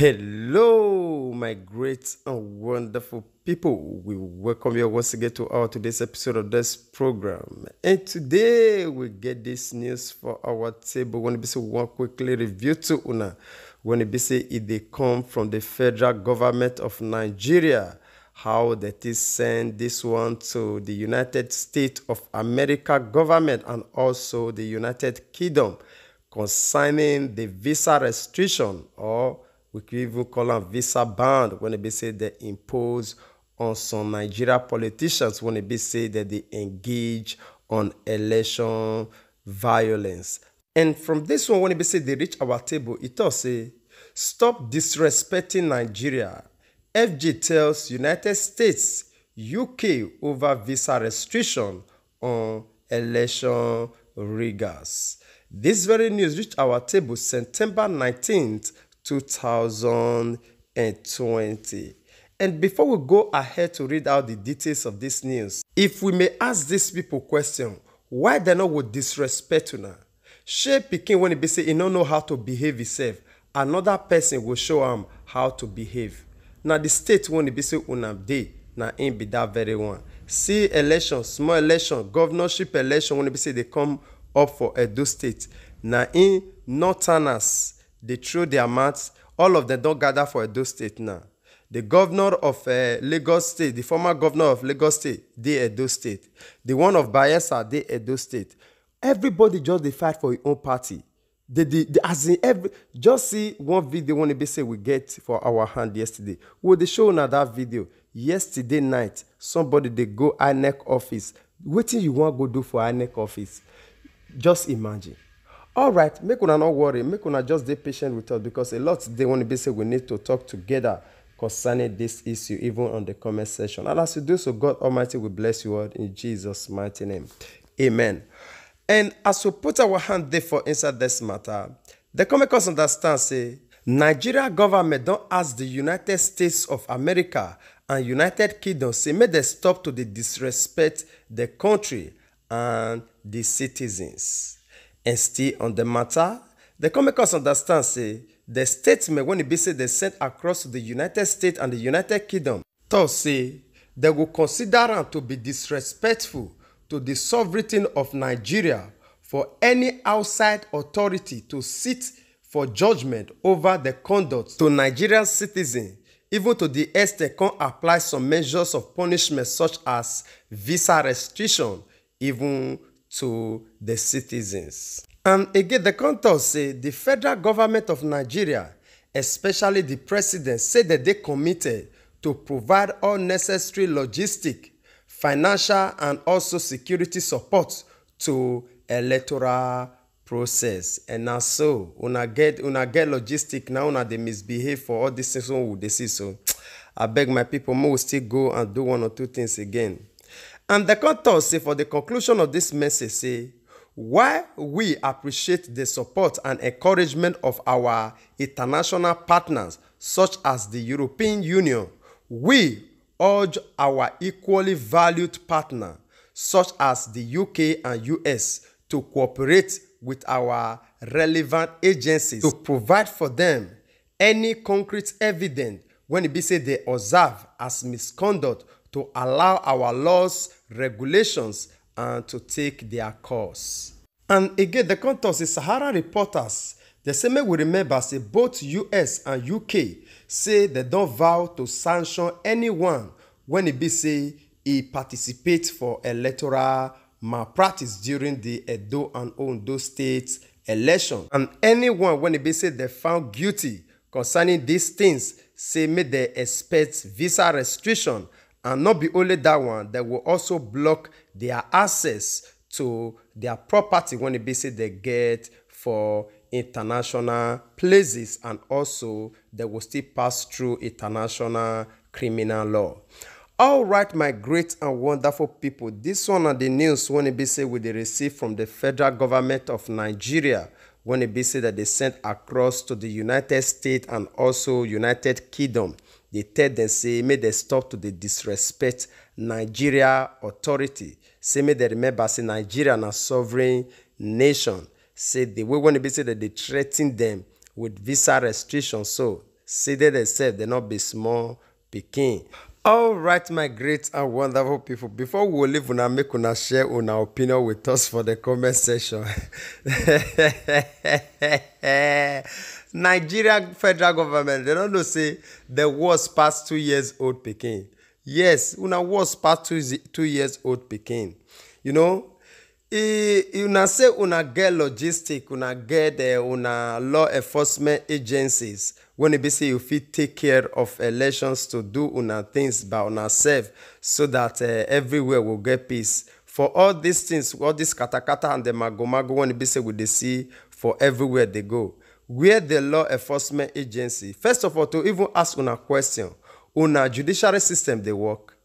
Hello, my great and wonderful people. We welcome you once again to our today's episode of this program. And today we get this news for our table. When so one quickly review to Una. When say it they come from the federal government of Nigeria. How that is send this one to the United States of America government and also the United Kingdom concerning the visa restriction or We could even call them visa ban when they say they impose on some Nigeria politicians when they say that they engage on election violence. And from this one, when they say they reach our table, it also say, stop disrespecting Nigeria. FG tells United States, UK over visa restriction on election riggers. This very news reached our table September 19th 2020. And before we go ahead to read out the details of this news, if we may ask these people question, why they not would disrespect you now? She pikin when he be say he don't know how to behave himself, another person will show him how to behave. Now the state when he be say una dey, na him be that very one. See election, small election, governorship election when he be say they come up for a Edo State, na in northerners they throw their mats. All of them don't gather for Edo State now. The governor of uh, Lagos State, the former governor of Lagos State, they Edo State. The one of Bayelsa, they Edo State. Everybody just they fight for his own party. They, they, they, as in every, just see one video one be say we get for our hand yesterday. Well, they show now that video yesterday night. Somebody they go INEC office. What you want go do for INEC office? Just imagine. All right, make una no worry make una just dey patient with us because a lot dey wan be say we need to talk together concerning this issue even on the comment section and as you do so god almighty will bless you all in jesus mighty name amen and as we put our hand there for inside this matter the comic us understand say nigeria government don ask the united states of america and united kingdom say make dem stop to the disrespect the country and the citizens instill on the matter. the come make understands understand, say, the statement when it be said they sent across to the United States and the United Kingdom, thus say, they will consider them to be disrespectful to the sovereignty of Nigeria for any outside authority to sit for judgment over the conduct to Nigerian citizens even to the extent can apply some measures of punishment such as visa restriction even to the citizens. And again, the contour say the federal government of Nigeria, especially the president, said that they committed to provide all necessary logistic, financial, and also security support to electoral process. And now so, una get una get logistic now una they misbehave for all this things so they see so. I beg my people, more still go and do one or two things again. And the can talk say for the conclusion of this message say, while we appreciate the support and encouragement of our international partners such as the European Union, we urge our equally valued partner, such as the UK and US to cooperate with our relevant agencies to provide for them any concrete evidence when it be said they observe as misconduct to allow our laws, regulations, and to take their course. And again, the come to Sahara reporters, The same we remember, say both US and UK say they don't vow to sanction anyone when it be say he participates for electoral malpractice during the Edo and Ondo states election. And anyone when it be say they found guilty concerning these things say make they expect visa restriction And not be only that one, they will also block their access to their property when it be say they get for international places and also they will still pass through international criminal law. All right, my great and wonderful people, this one are the news when it be say we receive from the federal government of Nigeria when it be say that they sent across to the United States and also United Kingdom dey tell dem say make dem stop to dey disrespect nigeria authority say make dem remember say nigeria na sovereign nation say the way wey e be say dem dey threa ten dem with visa restriction so say they themselves dey no be small pikin All right, my great and wonderful people. Before we leave, una make una share una opinion with us for the comment section. Nigeria federal government, they don't know say the was past two years old Peking. Yes, una was past two, two years old Peking. You know, e, una say una get logistic, una get uh, una law enforcement agencies, when e be say you fit take care of elections to do una things by una self so that uh, everywhere will get peace for all these things all this katakata and the magomago when e be say we dey see for everywhere dey go where the law enforcement agency first of all to even ask una question una judiciary system dey work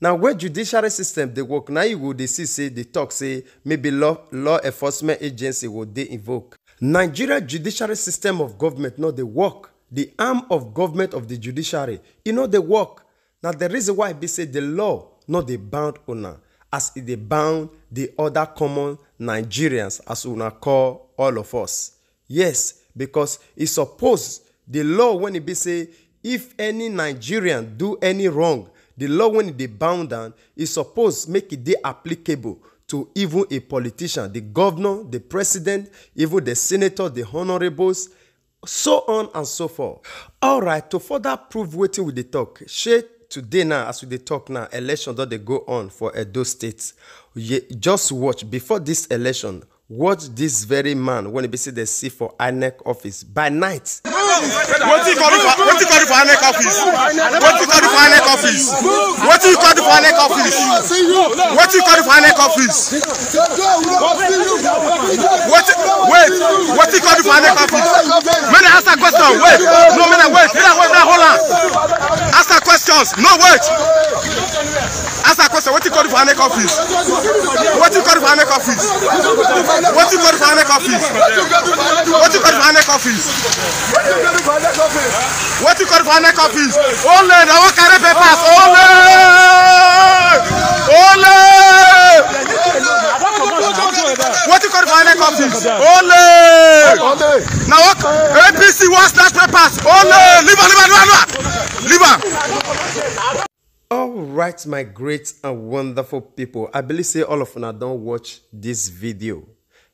na where judiciary system dey work na you go dey see say dey talk say maybe law law enforcement agency go dey invoke nigeria judiciary system of government no dey work the arm of government of the judiciary you know the work Now the reason why they say the law not the bound owner, as it dey bound the other common nigerians as una call all of us yes because it e suppose the law when it e be say if any nigerian do any wrong the law when they e bound am it suppose make it dey applicable to even a politician the governor the president even the senator the honourables so on and so forth All right. to further prove wetin we the talk. Share today now as we the talk now election that they go on for edo state just watch before this election watch this very man when he be say dey see for inec office by night What you call it for you call it for anec office What you call it for anec office What you call it for anec office What you call it for anec office wetin wait What you call it for anec office make i ask a question wait no make i wait make i wait hold on questions no wait ask a question What you call you for anec office you call you for anec office you call you for anec office you call you for anec office you call you for anec office ole na wan carry papers ole ole wetin call you for anec office ole na apc wants start papers ole liver liver liver liver right my great and wonderful people i believe say all of una don't watch this video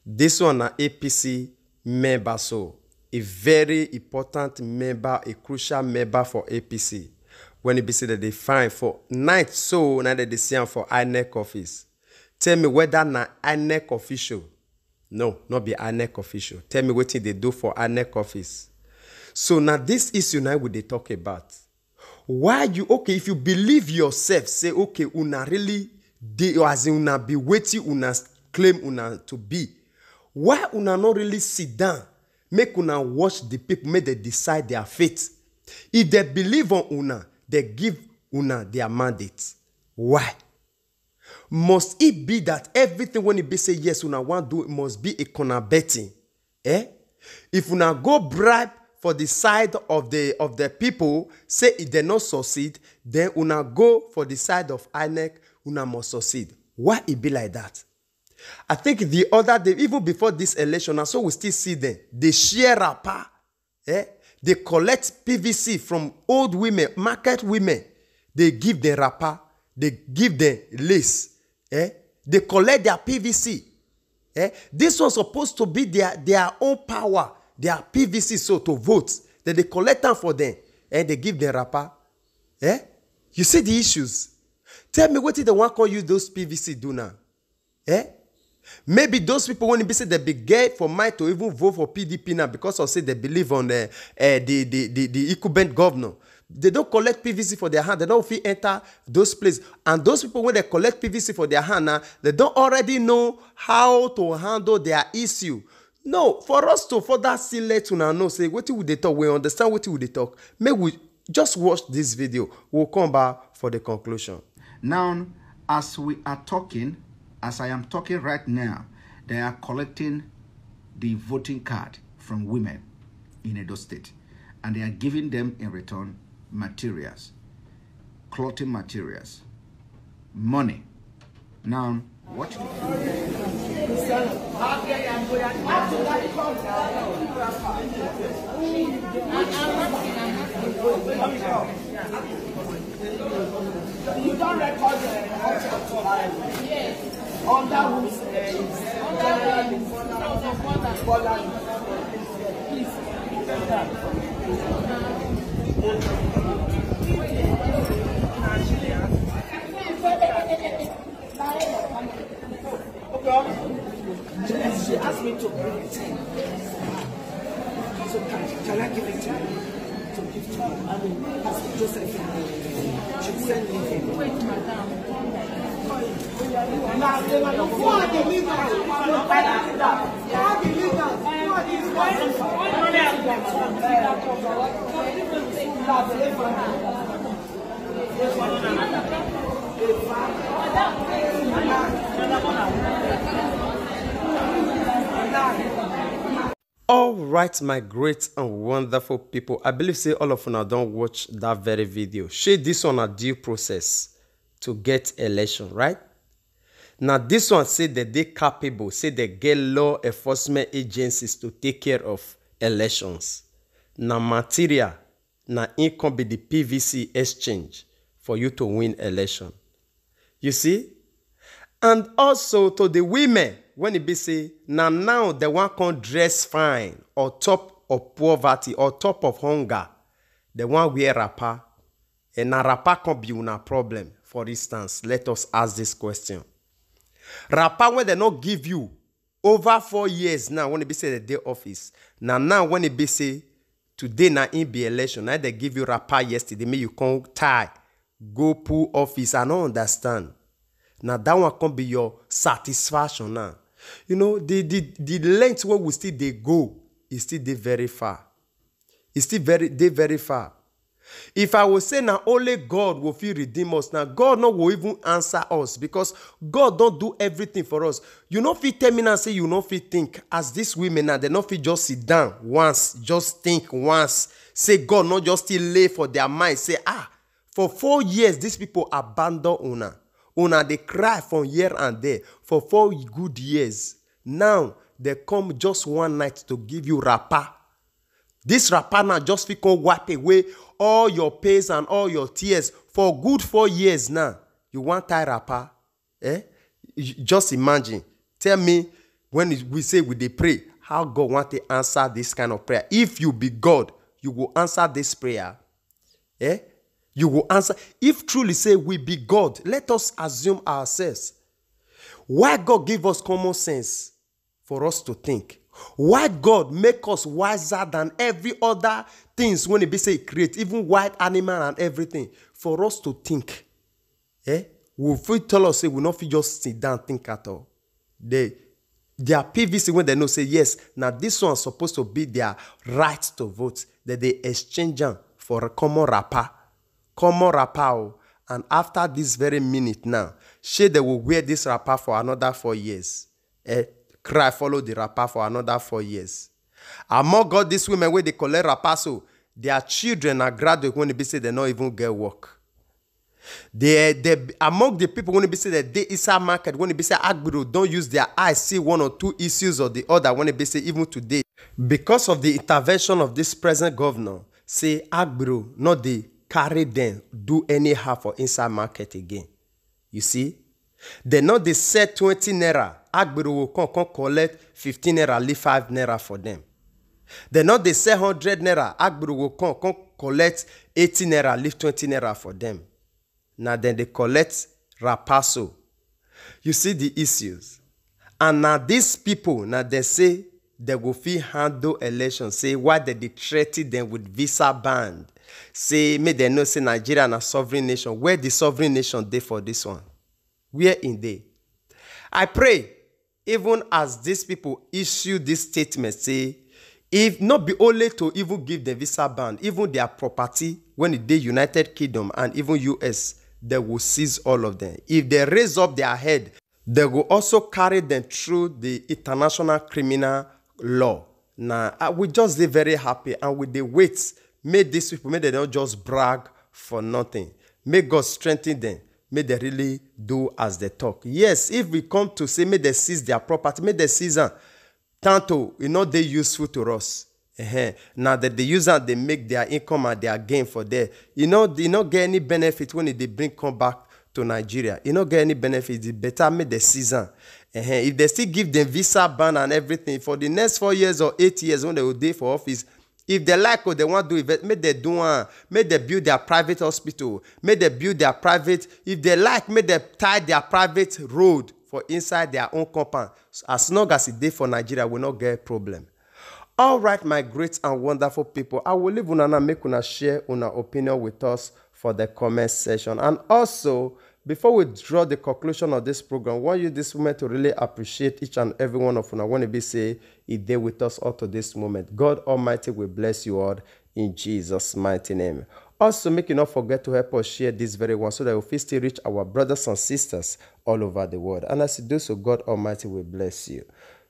This one na apc member so a very important member a crucial member for apc When e be say dem dey find for night so na dem dey see am for inec office tell me weda na inec official no not be inec official tell me wetin dey do for inec office so na this issue na we dey talk about why you okay if you believe yourself say okay una really dey as in una be wetin una claim una to be why una no really sit down make una watch the people make dem decide their fate if dem believe on una dem give una their mandate why must it be that everything wey e be say yes una wan do must be a corner betting eh if una go bribe for the side of the of the people say if they not succeed then una go for the side of inec una must succeed why e be like that i think the other day even before this election na so we still see them dey share wrapper eh dey collect pvc from old women market women dey give them wrapper dey give them lace eh dey collect their pvc eh this one suppose to be their their own power their pvc so to vote dem they collect them for them and they give them wrapper eh you see the issues tell me what did the one call use those pvc do now eh maybe those people wey be say they be gay for mind to even vote for pdp now because I say they believe on uh, uh, the the the the incumbent governor they don't collect pvc for their hand they don't fit enter those place and those people when they collect pvc for their hand now they don't already know how to handle their issue no for us to further see let una know say wetin we dey talk we understand wetin we dey talk make we just watch this video we'll come back for the conclusion now as we are talking as i am talking right now they are collecting the voting card from women in Edo State and they are giving them in return materials, clothing materials, money. Now, what? You don't record the uh, Yes. Under whose is Under the Please, take that. Okay. She asked me to bring a in. So can, can I give a to To give to you. I mean, Pastor Joseph should send me here. Wait, madam. Now, they are not for the leaders. For the leaders. For the leaders. For the leaders. Thank you all right my great and wonderful people i believe say all of you now don't watch that very video shey this one a due process to get election right Now, this one say dem they capable say they get law enforcement agencies to take care of elections na material na im come be the pvc exchange for you to win election you see and also to the women when e be say now now the one can dress fine or top of poverty or top of hunger the one wear wrapper and a wrapper be una problem for instance let us ask this question Rapa when they no give you over four years now when e be say the day office now now when e be say today na in be election I they give you rapa yesterday me you can tie go pull office i no understand now that one can be your satisfaction now you know, the, the, the length where we still they go is still they very far. It's still very they very far. If I was say now only God will feel redeem us, now God no will even answer us because God don't do everything for us. You know fit tell me now say you know fit think as these women now they not fit just sit down once, just think once. Say God not just still lay for their mind. Say ah, for four years these people abandon una. Una they cry from here and there for four good years. Now, they come just one night to give you rapa. This rapa now just fit come wipe away all your pains and all your tears for good four years now. You want tie rapa? Eh? Just imagine. Tell me when we say we dey pray, how God want to answer this kind of prayer. If you be God, you go answer this prayer. Eh? you will answer. If truly say we be God, let us assume ourselves. Why God give us common sense for us to think? Why God make us wiser than every other things when it be say create, even wild animal and everything, for us to think? Eh? Will fit tell us say we not just sit down think at all. They they are PVC when they know say yes, now this one supposed to be their right to vote, that they exchange them for a common wrapper. common wrapper o and after this very minute now shey they will wear this wrapper for another four years eh cry follow the wrapper for another four years among all these women wey dey collect wrapper so their children na graduate wey e be say they no even get work they they among the people wey e be say they dey inside market wey e be say agbero don use their eye see one or two issues or the other wey be say even today because of the intervention of this present governor say agbero no dey carry them, do anyhow for inside market again. You see? They know they set 20 naira. Agbero will come, come collect 15 naira, leave 5 naira for them. They know they set 100 naira. Agbero will come, come collect 80 naira, leave 20 naira for them. Now then they collect rapasso. You see the issues. And now these people, now they say they will fit handle election, say why they, they threaten them with visa ban. say may they know say nigeria na sovereign nation where the sovereign nation dey for this one where in dey i pray even as these people issue this statement say if not be only to even give dem visa ban even their property when e dey united kingdom and even us they go seize all of them. if they raise up their head they go also carry them through the international criminal law na we just dey very happy and we dey wait May these people, may they don't just brag for nothing. May God strengthen them. May they really do as they talk. Yes, if we come to say, may they seize their property, may they seize them. Tanto, you know, they useful to us. Uh-huh. Now that they use them, they make their income and their gain for there. You know, they not get any benefit when they bring come back to Nigeria. You not get any benefit. It's better make the season. Uh-huh. If they still give them visa ban and everything for the next four years or eight years when they will day for office, if they like or they wan do invest may they do one. May they build their private hospital May they build their private if they like may they tie their private road for inside their own compound as long as it dey for nigeria we not get problem all right my great and wonderful people i will leave una now make una share una opinion with us for the comment session, and also Before we draw the conclusion of this program, I want you this moment to really appreciate each and every one of you. I want to be say, is there with us up to this moment. God Almighty will bless you all in Jesus' mighty name. Also, make you not forget to help us share this very one so that we still reach our brothers and sisters all over the world. And as you do so, God Almighty will bless you.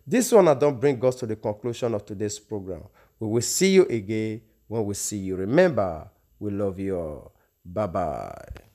This one I don't bring us to the conclusion of today's program. We will see you again when we see you. Remember, we love you all. Bye bye.